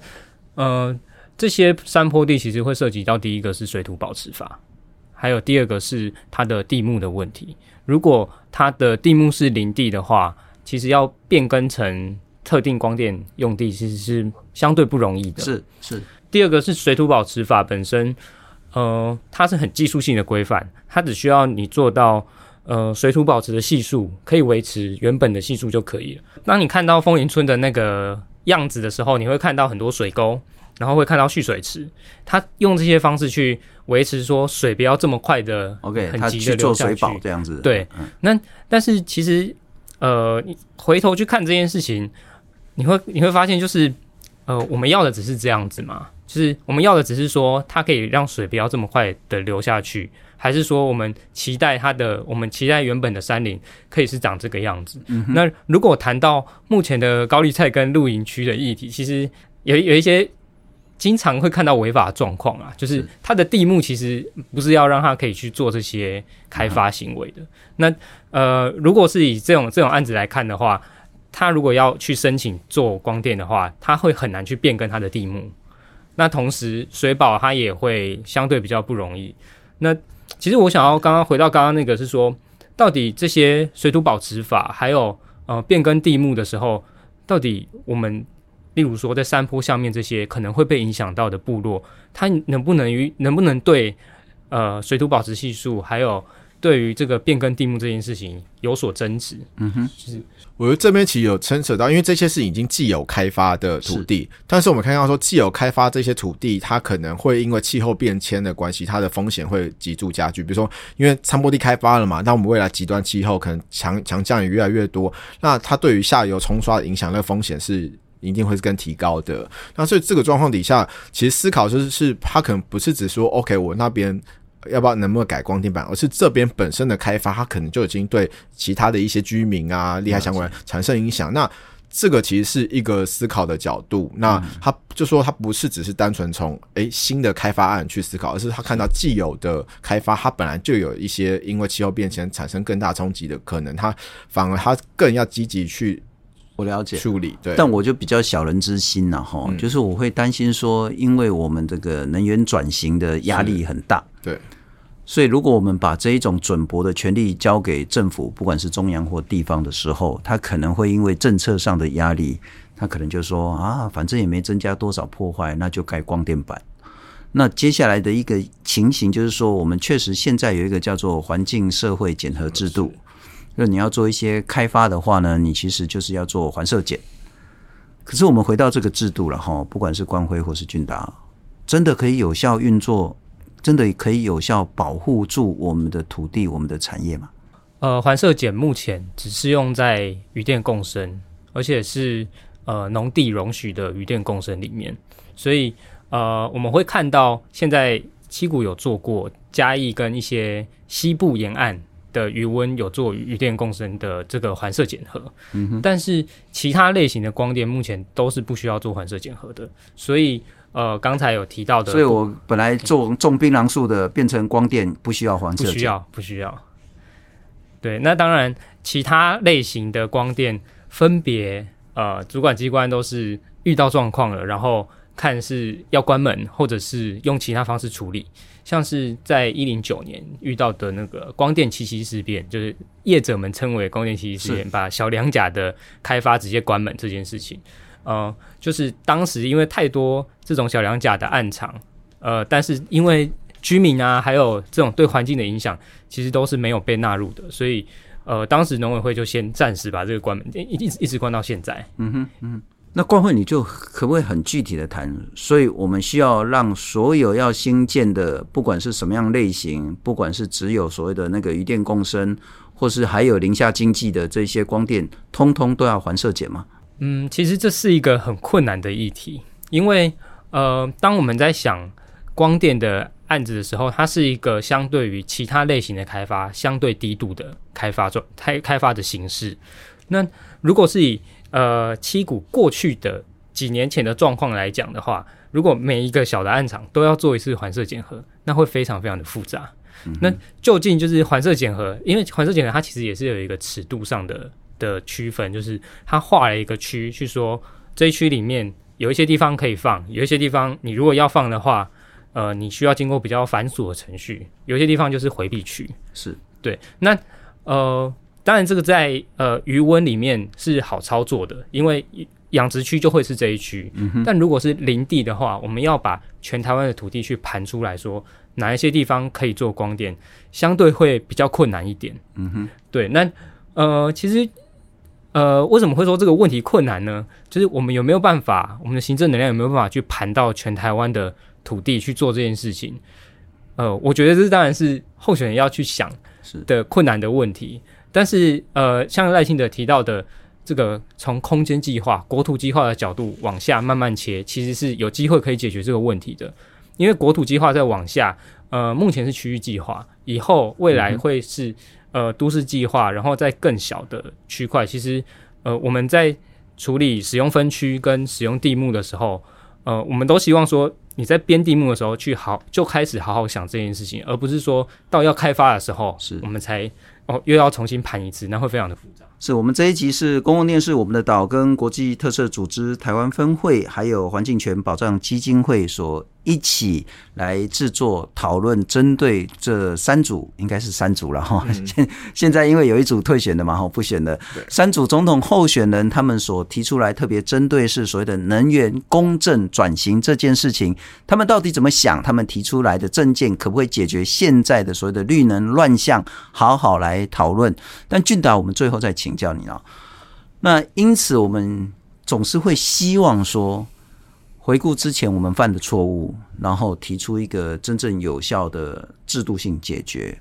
呃，這些山坡地其實會涉及到第一個是水土保持法，還有第二個是它的地目的問題。如果它的地目是林地的話，其實要變更成特定光電用地，其實是相對不容易的。是是。是第二個是水土保持法本身。呃，它是很技術性的規範，它只需要你做到，呃，水土保持的係數可以維持原本的係數就可以了。當你看到楓林村的那個樣子的時候，你會看到很多水溝，然後會看到蓄水池，它用這些方式去維持說水不要這麼快的，OK，很急的流下去，它去，去做水保這樣子。對，那、嗯、但，但是其實，呃，你回頭去看這件事情，你會你會發現，就是，呃，我們要的只是這樣子嘛。就是我們要的，只是說它可以讓水不要這麼快的流下去，還是說我們期待它的，我們期待原本的山林可以是長這個樣子。嗯、哼那如果談到目前的高麗菜跟露營區的議題，其實有有一些經常會看到違法狀況啊，就是它的地目其實不是要讓它可以去做這些開發行為的。嗯、哼那呃，如果是以這種這種案子來看的話，它如果要去申請做光電的話，它會很難去變更它的地目。那同時，水保它也會相對比較不容易。那其實我想要剛剛回到剛剛那個，是說到底這些水土保持法，還有呃變更地目的時候，到底我們例如說在山坡下面這些可能會被影響到的部落，它能不能與能不能對呃水土保持係數還有，對於這個變更地目這件事情有所爭執，嗯哼，是我覺得這邊其實有牽扯到，因為這些是已經既有開發的土地，是但是我們看到說既有開發這些土地，它可能會因為氣候變遷的關係，它的風險會急速加劇。比如說，因為山坡地開發了嘛，那我們未來極端氣候可能強強降雨越來越多，那它對於下游沖刷的影響，那個風險是一定會是更提高的。那所以這個狀況底下，其實思考就是，它可能不是只說 OK，我那邊。要不要能不能改光電板？而是這邊本身的開發，它可能就已經對其他的一些居民啊、利害相關產生影響。白那這個其實是一個思考的角度。白那他就說，他不是只是單純從哎新的開發案去思考，而是他看到既有的開發，他本來就有一些因為氣候變遷產生更大衝擊的可能，他反而他更要積極去。我了解、處理，對。但我就比較小人之心，啊，然後、嗯、就是我會擔心說，因為我們這個能源轉型的壓力很大，嗯、對，所以如果我們把這一種准駁的權利交給政府，不管是中央或地方的時候，他可能會因為政策上的壓力，他可能就說啊，反正也沒增加多少破壞，那就蓋光電板。那接下來的一個情形就是說，我們確實現在有一個叫做環境社會檢核制度。就你要做一些開發的話呢，你其實就是要做環社檢。可是我們回到這個制度了哈，不管是冠輝、或是俊達，真的可以有效運作，真的可以有效保護住我們的土地、我們的產業嗎？呃，環社檢目前只是用在漁電共生，而且是呃農地容許的漁電共生裡面，所以呃我們會看到現在七股有做過，嘉義跟一些西部沿岸，的余溫有做漁電共生的這個環社檢核，嗯哼，但是其他類型的光電目前都是不需要做環社檢核的。所以呃剛才有提到的，所以我本來做、嗯、種檳榔樹的變成光電不需要環社檢核，不需要不需要？對，那當然其他類型的光電分別呃主管機關都是遇到狀況了，然後。看是要關門，或者是用其他方式處理，像是在一零九年遇到的那個光電七七事變，就是業者們稱為光電七七事變，是把小兩甲的開發直接關門這件事情。呃，就是當時因為太多這種小兩甲的案場，呃，但是因為居民啊，還有這種對環境的影響，其實都是沒有被納入的，所以呃，當時農委會就先暫時把這個關門，一一直一直關到現在。嗯哼，嗯哼那冠輝，你就可不可以很具體的談？所以我們需要讓所有要新建的，不管是什麼樣類型，不管是只有所謂的那個漁電共生，或是還有林下經濟的這些光電，通通都要環社檢嗎？嗯，其實這是一個很困難的議題，因為呃，當我們在想光電的案子的時候，它是一個相對於其他類型的開發相對低度的開發狀開開發的形式。那如果是以呃，七股過去的幾年前的狀況來講的話，如果每一個小的案場都要做一次環社檢核，那會非常非常的複雜。嗯、哼那究竟就是環社檢核，因為環社檢核它其實也是有一個尺度上的的區分，就是它畫了一個區，去說這一區裡面有一些地方可以放，有一些地方你如果要放的話，呃，你需要經過比較繁瑣的程序，有一些地方就是回避區，是對。那呃。當然，這個在呃漁電裡面是好操作的，因為養殖區就會是這一區。嗯、哼但如果是林地的話，我們要把全台灣的土地去盤出來說，哪一些地方可以做光電，相對會比較困難一點。嗯哼，對。那呃，其實呃，為什麼會說這個問題困難呢？就是我們有沒有辦法，我們的行政能量有沒有辦法去盤到全台灣的土地去做這件事情？呃，我覺得這是當然是候選人要去想的困難的問題。但是，呃，像賴清德提到的，這個從空間計劃、國土計劃的角度往下慢慢切，其實是有機會可以解決這個問題的。因為國土計劃再往下，呃，目前是區域計劃，以後未來會是、嗯、哼呃都市計劃，然後在更小的區塊。其實，呃，我們在處理使用分區跟使用地目的時候，呃，我們都希望說你在編地目的時候去好就開始好好想這件事情，而不是說到要開發的時候，是我們才。然後又要重新盤一次，那會非常的複雜。是，我們這一集是公共電視，我們的島跟國際特赦組織台灣分會，還有環境權保障基金會所一起來製作討論，針對這三組，應該是三組了哈。現、嗯、現在因為有一組退選的嘛，哈，不選的對三組總統候選人，他們所提出來特別針對是所謂的能源公正轉型這件事情，他們到底怎麼想？他們提出來的政見可不可以解決現在的所謂的綠能亂象？好好來討論。但俊達，我們最後再請。教你了，那因此我們總是會希望說，回顧之前我們犯的錯誤，然後提出一個真正有效的制度性解決。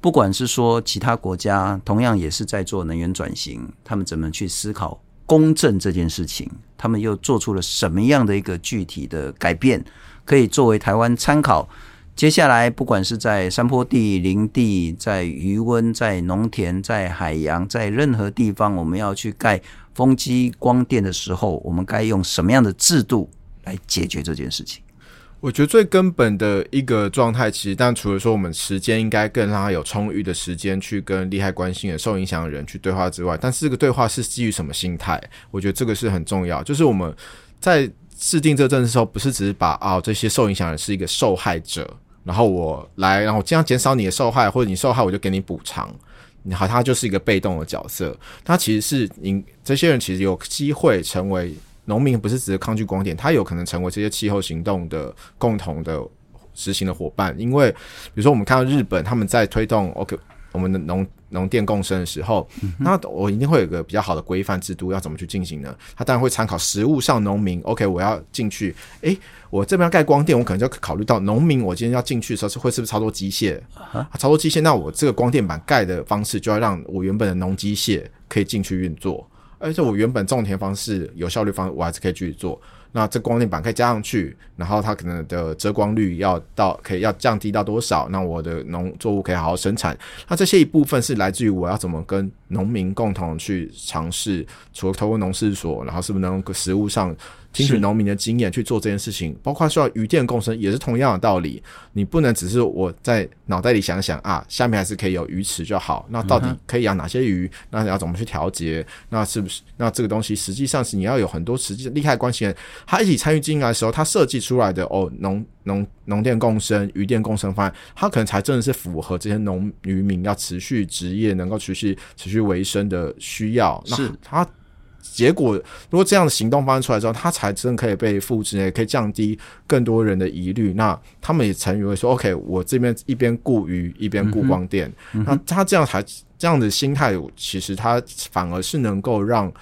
不管是說其他國家同樣也是在做能源轉型，他們怎麼去思考公正這件事情，他們又做出了什麼樣的一個具體的改變，可以作為台灣參考。接下來，不管是在山坡地、林地、在魚塭、在農田、在海洋、在任何地方，我們要去蓋風機、光電的時候，我們該用什麼樣的制度來解決這件事情？我覺得最根本的一個狀態，其實但除了說我們時間應該更讓他有充裕的時間去跟利害關係人、受影響的人去對話之外，但是這個對話是基於什麼心態？我覺得這個是很重要。就是我們在制定這個政策的時候，不是只是把啊這些受影響人是一個受害者。然後我來，然後這樣減少你的受害，或者你受害，我就給你補償。然後，他就是一個被動的角色，他其實是你這些人其實有機會成為農民，不是只是抗拒光電，他有可能成為這些氣候行動的共同的執行的夥伴。因為比如說我們看到日本他們在推動 OK，我們的農。農電共生的時候，那我一定會有個比較好的規範制度，要怎麼去進行呢？它當然會參考實務上農民。OK，我要進去，誒、欸，我這邊要蓋光電，我可能就要考慮到農民，我今天要進去的時候是會是不是操作機械？操作機械，那我這個光電板蓋的方式就要讓我原本的農機械可以進去運作，而、欸、且我原本種田方式有效率方，我還是可以繼續做。那這光電板可以加上去，然後它可能的遮光率，要到，可以要降低到多少，那我的農作物可以好好生產。那這些一部分是來自於我要怎麼跟農民共同去嘗試，除了透過農事所，然後是不是能夠食物上？聽取農民的經驗去做這件事情，是包括需要漁電共生，也是同樣的道理。你不能只是我在腦袋裡想想啊，下面還是可以有魚池就好。那到底可以養哪些魚？嗯、哼那要怎麼去調節？那是不是？那這個東西實際上是你要有很多實際的利害關係人，他一起參與進來的時候，他設計出來的哦，農農農電共生、漁電共生方案，他可能才真的是符合這些農漁民要持續職業、能夠持續持續維生的需要。是那他。結果，如果這樣的行動發生出來之後，他才真的可以被複制，也可以降低更多人的疑慮。那他們也曾以為說，OK，我這邊一邊顧魚，一邊顧光電。嗯、哼那他這樣才這樣的心態，其實他反而是能夠讓。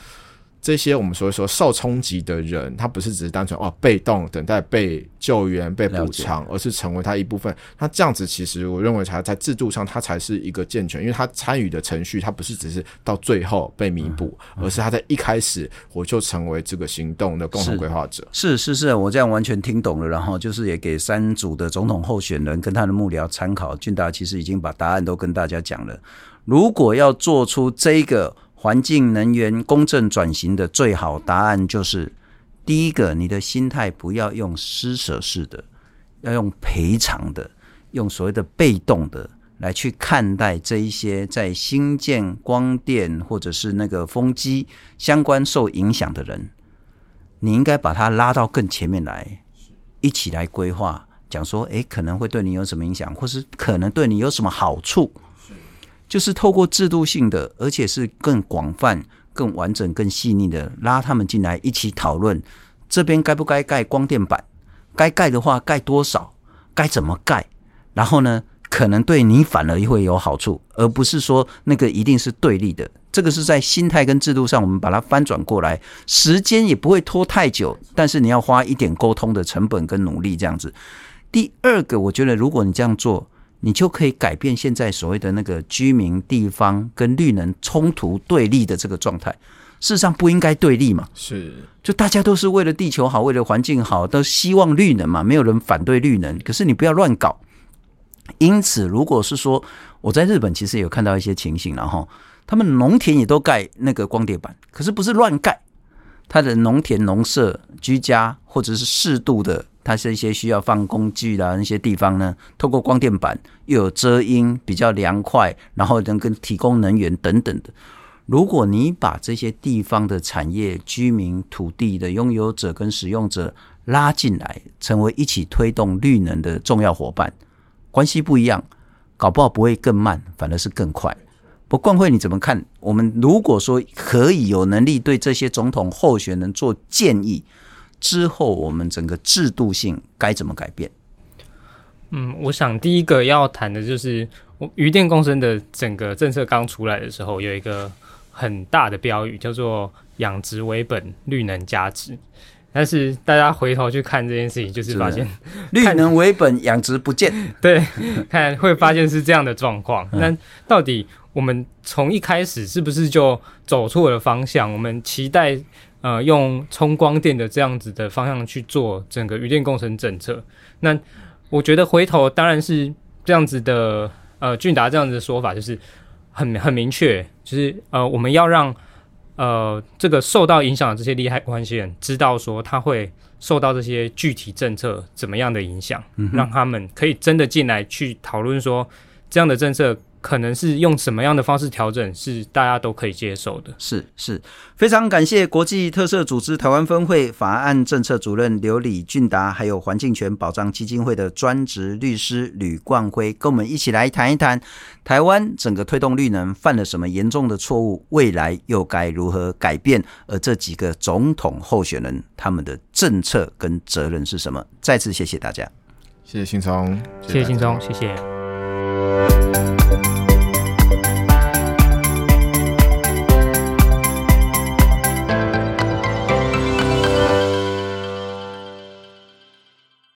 這些我們所以說受衝擊的人，他不是只是單純哦、啊、被動等待被救援，被補償，了解。而是成為他一部分。他這樣子，其實我認為才在制度上，他才是一個健全，因為他參與的程序，他不是只是到最後被彌補，嗯嗯，而是他在一開始我就成為這個行動的共同規劃者是。是是是，我這樣完全聽懂了。然後就是也給三組的總統候選人跟他的幕僚參考。俊達其實已經把答案都跟大家講了。如果要做出這個。環境、能源、公正轉型的最好答案就是：第一個，你的心態不要用施捨式的，要用賠償的，用所謂的被動的來去看待這一些在新建光電或者是那個風機相關受影響的人。你應該把他拉到更前面來，一起來規劃，講說：誒、欸，可能會對你有什麼影響，或是可能對你有什麼好處。就是透過制度性的，而且是更廣泛、更完整、更細膩的拉他們進來一起討論，這邊該不該蓋光電板？該蓋的話，蓋多少？該怎麼蓋？然後呢，可能對你反而會有好處，而不是說那個一定是對立的。這個是在心態跟制度上，我們把它翻轉過來，時間也不會拖太久，但是你要花一點溝通的成本跟努力這樣子。第二個，我覺得如果你這樣做。你就可以改變現在所謂的那個居民、地方跟綠能衝突對立的這個狀態。事實上不應該對立嘛，是就大家都是為了地球好，為了環境好，都希望綠能嘛，沒有人反對綠能。可是你不要亂搞。因此，如果是說我在日本，其實有看到一些情形，然後他們農田也都蓋那個光電板，可是不是亂蓋，他的農田、農舍、居家或者是適度的。它是一些需要放工具的，啊、那些地方呢，透過光電板又有遮陰，比較涼快，然後能跟提供能源等等的。如果你把這些地方的產業、居民、土地的擁有者跟使用者拉進來，成為一起推動綠能的重要夥伴，關係不一樣，搞不好不會更慢，反而是更快。不，冠輝你怎麼看？我們如果說可以有能力對這些總統候選人做建議之後，我們整個制度性該怎麼改變？嗯，我想第一個要談的就是，漁電共生的整個政策剛出來的時候，有一個很大的標語叫做“養殖為本，綠能加值”，但是大家回頭去看這件事情，就是發現“的看綠能為本，養殖不見”， 對，看會發現是這樣的狀況。那 到底我們從一開始是不是就走錯了方向？我們期待。呃，用衝光電的這樣子的方向去做整個漁電共生政策，那我覺得回頭當然是這樣子的。呃，俊達這樣子的說法就是很很明確，就是呃，我們要讓呃這個受到影響的這些利害關係人知道說，他會受到這些具體政策怎麼樣的影響，嗯、哼讓他們可以真的進來去討論說這樣的政策。可能是用什麼樣的方式調整，是大家都可以接受的。是、是，非常感謝國際特赦組織台灣分會法案政策主任劉李俊達，還有環境權保障基金會的專職律師呂冠輝，跟我們一起來談一談台灣整個推動綠能犯了什麼嚴重的錯誤，未來又該如何改變？而這幾個總統候選人他們的政策跟責任是什麼？再次謝謝大家，謝謝信聰，謝謝信聰，謝謝。謝謝。